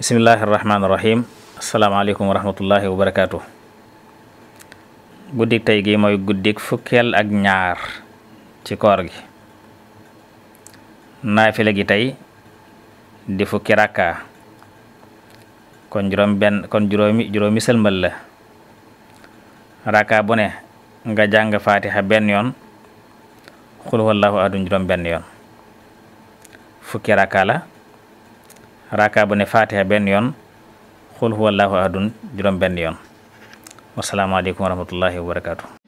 bismillahi rahmaani rahim asalaamaaleykum wa rahmatullahi wa guddik tey gi mooy guddik fukkeel ak ñaar ci koor gi naafila gi tey di fukki rakka kon juróom benn kon juróomi sëlmal la rakka bu ne nga jàng faatixa benn yoon xul wallahu adun juróom benn yoon fukki rakka la raaka bu ne fatiha benn yoon xul huwallahu ahadun juróom benn yoon wasalaamaaleykum wa rahmatullahi wa barakaatu